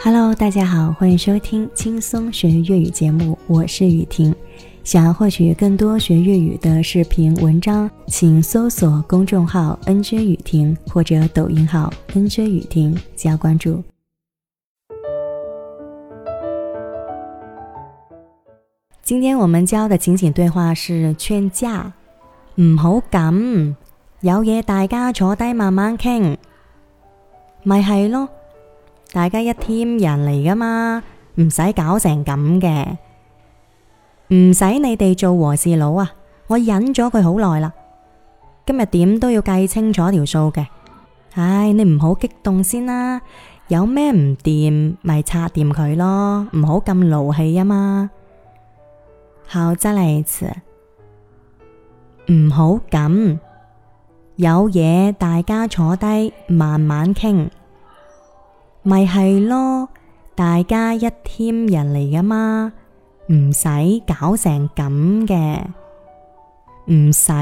Hello，大家好，歡迎收聽輕鬆學粵語節目，我是雨婷。想要獲取更多學粵語的視頻文章，請搜索公眾號 “nj 雨婷”或者抖音號 “nj 雨婷”加關注。今天我們教的情景對話是勸架，唔好咁，有嘢大家坐低慢慢傾，咪係咯。大家一 team 人嚟噶嘛，唔使搞成咁嘅，唔使你哋做和事佬啊！我忍咗佢好耐啦，今日點都要計清楚條數嘅。唉，你唔好激動先啦、啊，有咩唔掂咪拆掂佢咯，唔好咁勞氣啊嘛。好，真嚟，唔好咁，有嘢大家坐低慢慢傾。咪係咯，大家一 team 人嚟噶嘛，唔使搞成咁嘅，唔使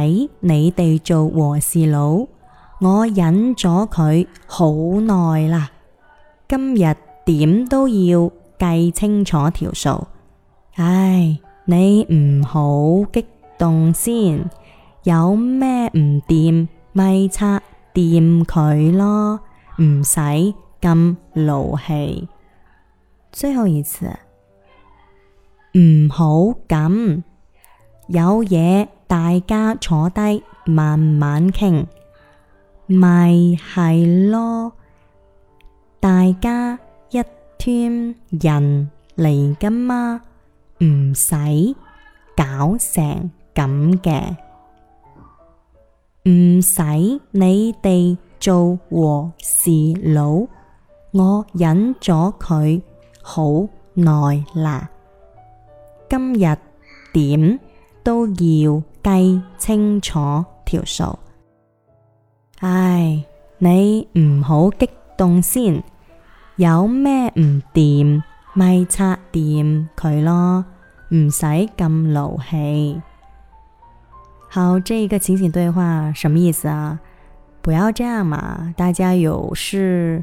你哋做和事佬，我忍咗佢好耐啦，今日點都要計清楚條數。唉，你唔好激動先，有咩唔掂咪拆掂佢咯，唔使咁勞氣。最後一次，唔好咁，有嘢大家坐低慢慢傾，咪係咯，大家一 team 人嚟噶嘛，唔使搞成咁嘅，唔使你哋做和事佬。我忍咗佢好耐啦，今日點都要計清楚條數。唉，你唔好激動先，有咩唔掂咪拆掂佢咯，唔使咁勞氣。好，這個情景對話，什麼意思啊？不要這樣嘛，啊，大家有事。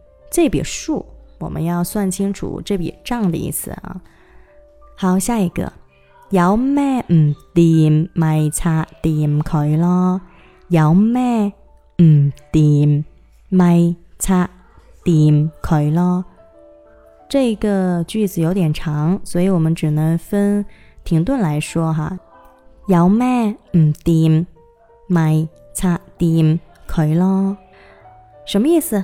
這筆數我們要算清楚這筆賬的意思啊。好，下一個，有咩唔掂咪拆掂佢咯？有咩唔掂咪拆掂佢咯？這個句子有點長，所以我們只能分停頓來說哈。有咩唔掂咪拆掂佢咯？什麼意思？